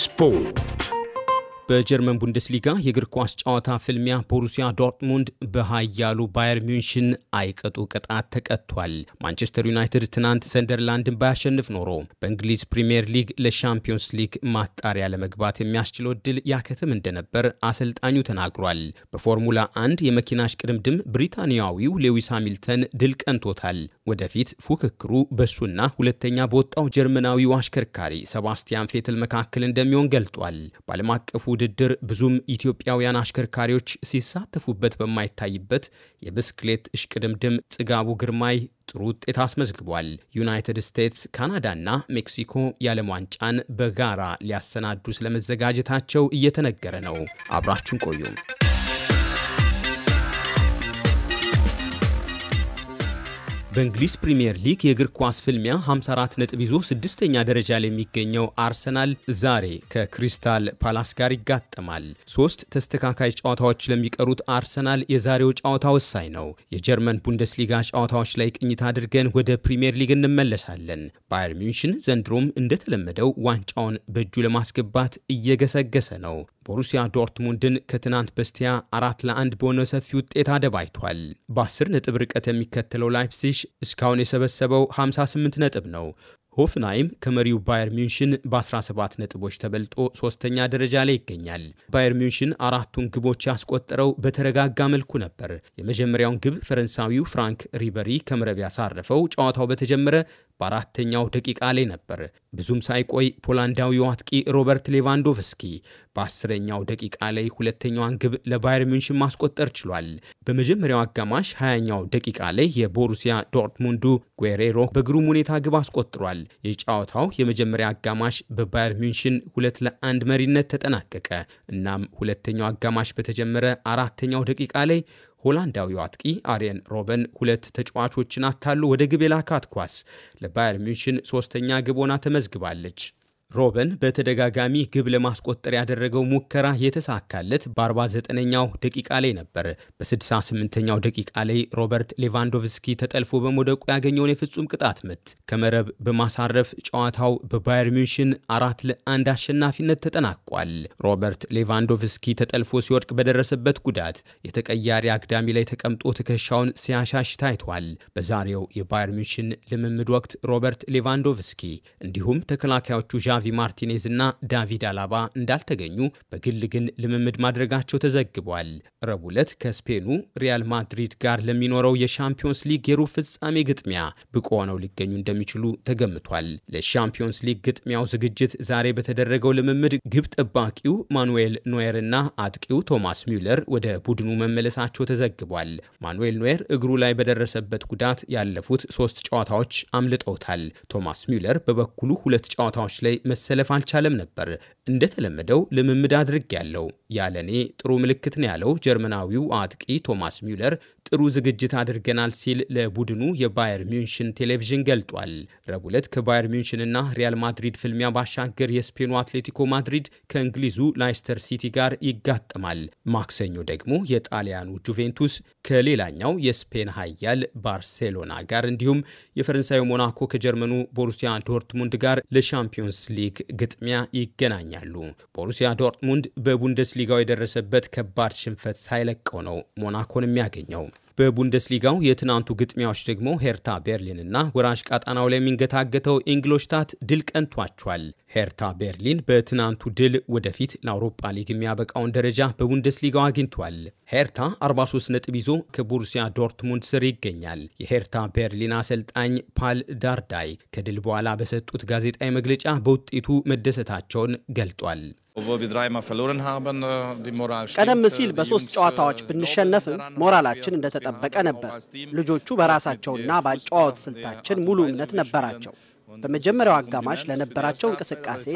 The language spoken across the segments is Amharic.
ስፖርት በጀርመን ቡንደስሊጋ የእግር ኳስ ጨዋታ ፍልሚያ ቦሩሲያ ዶርትሙንድ በሃያሉ ባየር ሚንሽን አይቀጡ ቅጣት ተቀጥቷል። ማንቸስተር ዩናይትድ ትናንት ሰንደርላንድን ባያሸንፍ ኖሮ በእንግሊዝ ፕሪምየር ሊግ ለሻምፒዮንስ ሊግ ማጣሪያ ለመግባት የሚያስችለው እድል ያከተም እንደነበር አሰልጣኙ ተናግሯል። በፎርሙላ አንድ የመኪና ቅድምድም ብሪታንያዊው ሌዊስ ሃሚልተን ድል ቀንቶታል። ወደፊት ፉክክሩ በሱና ሁለተኛ በወጣው ጀርመናዊው አሽከርካሪ ሰባስቲያን ፌትል መካከል እንደሚሆን ገልጧል። በዓለም አቀፉ ውድድር ብዙም ኢትዮጵያውያን አሽከርካሪዎች ሲሳተፉበት በማይታይበት የብስክሌት እሽቅድምድም ጽጋቡ ግርማይ ጥሩ ውጤት አስመዝግቧል። ዩናይትድ ስቴትስ፣ ካናዳና ሜክሲኮ የዓለም ዋንጫን በጋራ ሊያሰናዱ ስለመዘጋጀታቸው እየተነገረ ነው። አብራችሁን ቆዩም በእንግሊዝ ፕሪምየር ሊግ የእግር ኳስ ፍልሚያ 54 ነጥብ ይዞ ስድስተኛ ደረጃ ላይ የሚገኘው አርሰናል ዛሬ ከክሪስታል ፓላስ ጋር ይጋጠማል። ሶስት ተስተካካይ ጨዋታዎች ለሚቀሩት አርሰናል የዛሬው ጨዋታ ወሳኝ ነው። የጀርመን ቡንደስሊጋ ጨዋታዎች ላይ ቅኝት አድርገን ወደ ፕሪምየር ሊግ እንመለሳለን። ባየር ሚንሽን ዘንድሮም እንደተለመደው ዋንጫውን በእጁ ለማስገባት እየገሰገሰ ነው። ቦሩሲያ ዶርትሙንድን ከትናንት በስቲያ አራት ለአንድ በሆነ ሰፊ ውጤት አደባይቷል። በ10 ነጥብ ርቀት የሚከተለው ላይፕሲሽ እስካሁን የሰበሰበው 58 ነጥብ ነው። ሆፍንሃይም ከመሪው ባየር ሚንሽን በ17 ነጥቦች ተበልጦ ሶስተኛ ደረጃ ላይ ይገኛል። ባየር ሚንሽን አራቱን ግቦች ያስቆጠረው በተረጋጋ መልኩ ነበር። የመጀመሪያውን ግብ ፈረንሳዊው ፍራንክ ሪበሪ ከመረብ ያሳረፈው ጨዋታው በተጀመረ በአራተኛው ደቂቃ ላይ ነበር። ብዙም ሳይቆይ ፖላንዳዊው አጥቂ ሮበርት ሌቫንዶቭስኪ በአስረኛው ደቂቃ ላይ ሁለተኛዋን ግብ ለባየር ሚንሽን ማስቆጠር ችሏል። በመጀመሪያው አጋማሽ ሀያኛው ደቂቃ ላይ የቦሩሲያ ዶርትሙንዱ ጉሬሮ በግሩም ሁኔታ ግብ አስቆጥሯል። የጨዋታው የመጀመሪያ አጋማሽ በባየር ሚንሽን ሁለት ለአንድ መሪነት ተጠናቀቀ። እናም ሁለተኛው አጋማሽ በተጀመረ አራተኛው ደቂቃ ላይ ሆላንዳዊው አጥቂ አርየን ሮበን ሁለት ተጫዋቾችን አታሉ ወደ ግብ የላካት ኳስ ለባየር ሚንሽን ሶስተኛ ግብ ሆና ተመዝግባለች። ሮበን በተደጋጋሚ ግብ ለማስቆጠር ያደረገው ሙከራ የተሳካለት በ49ኛው ደቂቃ ላይ ነበር። በ68ኛው ደቂቃ ላይ ሮበርት ሌቫንዶቭስኪ ተጠልፎ በመውደቁ ያገኘውን የፍጹም ቅጣት ምት ከመረብ በማሳረፍ ጨዋታው በባየር ሚንሽን አራት ለአንድ አሸናፊነት ተጠናቋል። ሮበርት ሌቫንዶቭስኪ ተጠልፎ ሲወድቅ በደረሰበት ጉዳት የተቀያሪ አግዳሚ ላይ ተቀምጦ ትከሻውን ሲያሻሽ ታይቷል። በዛሬው የባየር ሚንሽን ልምምድ ወቅት ሮበርት ሌቫንዶቭስኪ እንዲሁም ተከላካዮቹ ጋቪ ማርቲኔዝ እና ዳቪድ አላባ እንዳልተገኙ በግል ግን ልምምድ ማድረጋቸው ተዘግቧል። ረቡዕ ዕለት ከስፔኑ ሪያል ማድሪድ ጋር ለሚኖረው የሻምፒዮንስ ሊግ የሩብ ፍጻሜ ግጥሚያ ብቁ ሆነው ሊገኙ እንደሚችሉ ተገምቷል። ለሻምፒዮንስ ሊግ ግጥሚያው ዝግጅት ዛሬ በተደረገው ልምምድ ግብ ጠባቂው ማኑኤል ኖየር እና አጥቂው ቶማስ ሚውለር ወደ ቡድኑ መመለሳቸው ተዘግቧል። ማኑኤል ኖየር እግሩ ላይ በደረሰበት ጉዳት ያለፉት ሶስት ጨዋታዎች አምልጠውታል። ቶማስ ሚውለር በበኩሉ ሁለት ጨዋታዎች ላይ መሰለፍ አልቻለም ነበር። እንደተለመደው ልምምድ አድርግ ያለው ያለኔ ጥሩ ምልክት ነው ያለው ጀርመናዊው አጥቂ ቶማስ ሚውለር ጥሩ ዝግጅት አድርገናል ሲል ለቡድኑ የባየር ሚንሽን ቴሌቪዥን ገልጧል። ረቡዕ ዕለት ከባየር ሚንሽንና ሪያል ማድሪድ ፍልሚያ ባሻገር የስፔኑ አትሌቲኮ ማድሪድ ከእንግሊዙ ላይስተር ሲቲ ጋር ይጋጥማል። ማክሰኞ ደግሞ የጣሊያኑ ጁቬንቱስ ከሌላኛው የስፔን ኃያል ባርሴሎና ጋር እንዲሁም የፈረንሳዩ ሞናኮ ከጀርመኑ ቦሩሲያ ዶርትሙንድ ጋር ለሻምፒዮንስ ሊግ ግጥሚያ ይገናኛሉ። ቦሩሲያ ዶርትሙንድ በቡንደስሊጋው የደረሰበት ከባድ ሽንፈት ሳይለቀው ነው ሞናኮን የሚያገኘው። በቡንደስሊጋው የትናንቱ ግጥሚያዎች ደግሞ ሄርታ ቤርሊንና ወራጅ ቀጣናው ላይ የሚንገታገተው ኢንግሎሽታት ድል ቀንቷቸዋል። ሄርታ ቤርሊን በትናንቱ ድል ወደፊት ለአውሮፓ ሊግ የሚያበቃውን ደረጃ በቡንደስሊጋው አግኝቷል። ሄርታ 43 ነጥብ ይዞ ከቦሩሲያ ዶርትሙንድ ስር ይገኛል። የሄርታ ቤርሊን አሰልጣኝ ፓል ዳርዳይ ከድል በኋላ በሰጡት ጋዜጣዊ መግለጫ በውጤቱ መደሰታቸውን ገልጧል። Äh, ቀደም ሲል በሶስት ጨዋታዎች äh, ብንሸነፍም ሞራላችን እንደተጠበቀ ነበር። ልጆቹ በራሳቸውና በአጨዋወት ስልታችን ሙሉ እምነት ነበራቸው። በመጀመሪያው አጋማሽ ለነበራቸው እንቅስቃሴ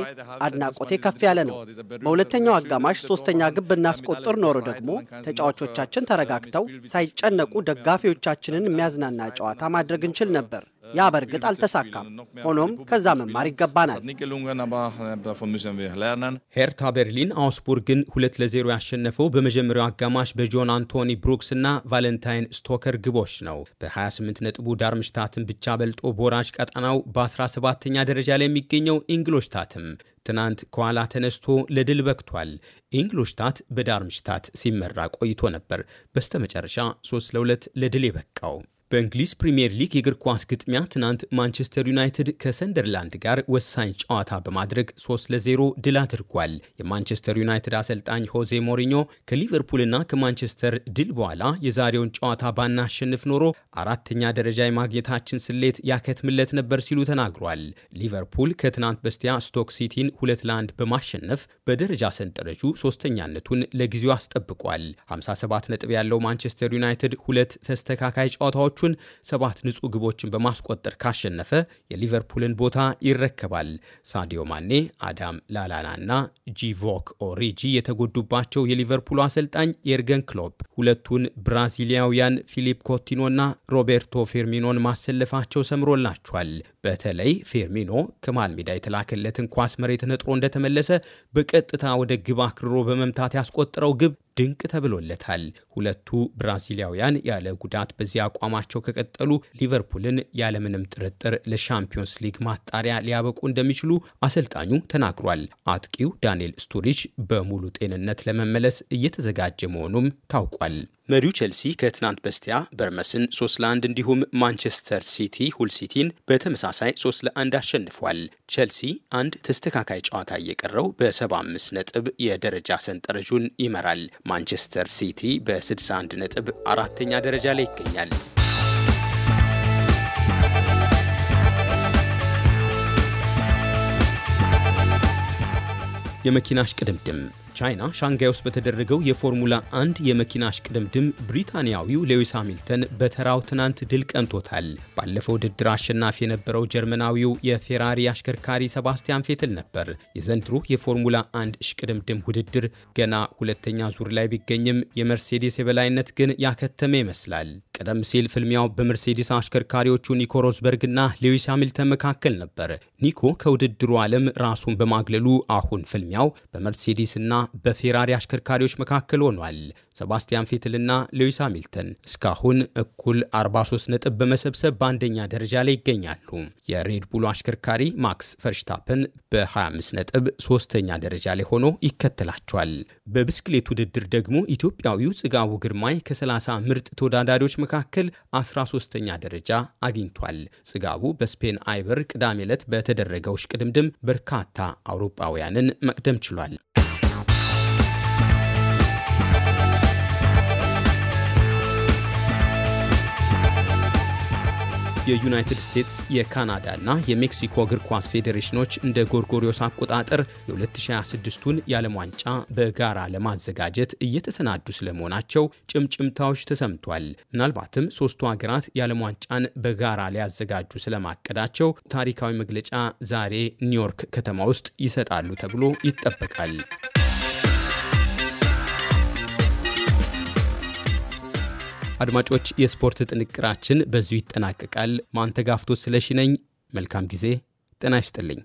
አድናቆቴ ከፍ ያለ ነው። በሁለተኛው አጋማሽ ሶስተኛ ግብ እናስቆጥር ኖሮ ደግሞ ተጫዋቾቻችን ተረጋግተው ሳይጨነቁ ደጋፊዎቻችንን የሚያዝናና ጨዋታ ማድረግ እንችል ነበር። ያ በእርግጥ አልተሳካም። ሆኖም ከዛ መማር ይገባናል። ሄርታ ቤርሊን አውስቡርግን ሁለት ለዜሮ ያሸነፈው በመጀመሪያው አጋማሽ በጆን አንቶኒ ብሩክስ እና ቫለንታይን ስቶከር ግቦች ነው። በ28 ነጥቡ ዳርምሽታትን ብቻ በልጦ በወራጅ ቀጠናው በ17ኛ ደረጃ ላይ የሚገኘው ኢንግሎሽታትም ትናንት ከኋላ ተነስቶ ለድል በክቷል። ኢንግሎሽታት በዳርምሽታት ሲመራ ቆይቶ ነበር። በስተመጨረሻ 3 ለ2 ለድል የበቃው በእንግሊዝ ፕሪምየር ሊግ የእግር ኳስ ግጥሚያ ትናንት ማንቸስተር ዩናይትድ ከሰንደርላንድ ጋር ወሳኝ ጨዋታ በማድረግ 3 ለ0 ድል አድርጓል። የማንቸስተር ዩናይትድ አሰልጣኝ ሆዜ ሞሪኞ ከሊቨርፑልና ከማንቸስተር ድል በኋላ የዛሬውን ጨዋታ ባናሸንፍ ኖሮ አራተኛ ደረጃ የማግኘታችን ስሌት ያከትምለት ነበር ሲሉ ተናግሯል። ሊቨርፑል ከትናንት በስቲያ ስቶክ ሲቲን ሁለት ለአንድ በማሸነፍ በደረጃ ሰንጠረዡ ሶስተኛነቱን ለጊዜው አስጠብቋል። 57 ነጥብ ያለው ማንቸስተር ዩናይትድ ሁለት ተስተካካይ ጨዋታዎች ጨዋታዎቹን ሰባት ንጹህ ግቦችን በማስቆጠር ካሸነፈ የሊቨርፑልን ቦታ ይረከባል። ሳዲዮ ማኔ፣ አዳም ላላና እና ጂቮክ ኦሪጂ የተጎዱባቸው የሊቨርፑሉ አሰልጣኝ የርገን ክሎፕ ሁለቱን ብራዚሊያውያን ፊሊፕ ኮቲኖና ሮቤርቶ ፌርሚኖን ማሰለፋቸው ሰምሮላቸዋል። በተለይ ፌርሚኖ ከመሃል ሜዳ የተላከለትን ኳስ መሬት ነጥሮ እንደተመለሰ በቀጥታ ወደ ግብ አክርሮ በመምታት ያስቆጠረው ግብ ድንቅ ተብሎለታል። ሁለቱ ብራዚሊያውያን ያለ ጉዳት በዚህ አቋማቸው ከቀጠሉ ሊቨርፑልን ያለምንም ጥርጥር ለሻምፒዮንስ ሊግ ማጣሪያ ሊያበቁ እንደሚችሉ አሰልጣኙ ተናግሯል። አጥቂው ዳንኤል ስቱሪች በሙሉ ጤንነት ለመመለስ እየተዘጋጀ መሆኑም ታውቋል። መሪው ቼልሲ ከትናንት በስቲያ በርመስን 3 ለ1 እንዲሁም ማንቸስተር ሲቲ ሁል ሲቲን በተመሳሳይ 3 ለ1 አሸንፏል። ቼልሲ አንድ ተስተካካይ ጨዋታ እየቀረው በ75 ነጥብ የደረጃ ሰንጠረዡን ይመራል። ማንቸስተር ሲቲ በ61 ነጥብ አራተኛ ደረጃ ላይ ይገኛል። የመኪና እሽቅድምድም ቻይና ሻንጋይ ውስጥ በተደረገው የፎርሙላ አንድ የመኪና እሽቅድምድም ብሪታንያዊው ሌዊስ ሃሚልተን በተራው ትናንት ድል ቀንቶታል። ባለፈው ውድድር አሸናፊ የነበረው ጀርመናዊው የፌራሪ አሽከርካሪ ሰባስቲያን ፌትል ነበር። የዘንድሮ የፎርሙላ አንድ እሽቅድምድም ውድድር ገና ሁለተኛ ዙር ላይ ቢገኝም የመርሴዴስ የበላይነት ግን ያከተመ ይመስላል። ቀደም ሲል ፍልሚያው በመርሴዲስ አሽከርካሪዎቹ ኒኮ ሮዝበርግና ሌዊስ ሃሚልተን መካከል ነበር። ኒኮ ከውድድሩ ዓለም ራሱን በማግለሉ አሁን ፍልሚያው በመርሴዲስና በፌራሪ አሽከርካሪዎች መካከል ሆኗል። ሰባስቲያን ፌትልና ሉዊስ ሃሚልተን እስካሁን እኩል 43 ነጥብ በመሰብሰብ በአንደኛ ደረጃ ላይ ይገኛሉ። የሬድቡሉ አሽከርካሪ ማክስ ፈርሽታፕን በ25 ነጥብ ሶስተኛ ደረጃ ላይ ሆኖ ይከተላቸዋል። በብስክሌት ውድድር ደግሞ ኢትዮጵያዊው ጽጋቡ ግርማይ ከ30 ምርጥ ተወዳዳሪዎች መካከል 13 ተኛ ደረጃ አግኝቷል። ጽጋቡ በስፔን አይበር ቅዳሜ ዕለት በተደረገው ሽቅድምድም በርካታ አውሮፓውያንን መቅደም ችሏል። የዩናይትድ ስቴትስ ና የሜክሲኮ እግር ኳስ ፌዴሬሽኖች እንደ ጎርጎሪዮስ አቆጣጠር የ2026ቱን የዓለም ዋንጫ በጋራ ለማዘጋጀት እየተሰናዱ ስለመሆናቸው ጭምጭምታዎች ተሰምቷል። ምናልባትም ሶስቱ ሀገራት የዓለም ዋንጫን በጋራ ሊያዘጋጁ ስለማቀዳቸው ታሪካዊ መግለጫ ዛሬ ኒውዮርክ ከተማ ውስጥ ይሰጣሉ ተብሎ ይጠበቃል። አድማጮች፣ የስፖርት ጥንቅራችን በዙ ይጠናቀቃል። ማንተጋፍቶ ስለሺ ነኝ። መልካም ጊዜ። ጤና ይስጥልኝ።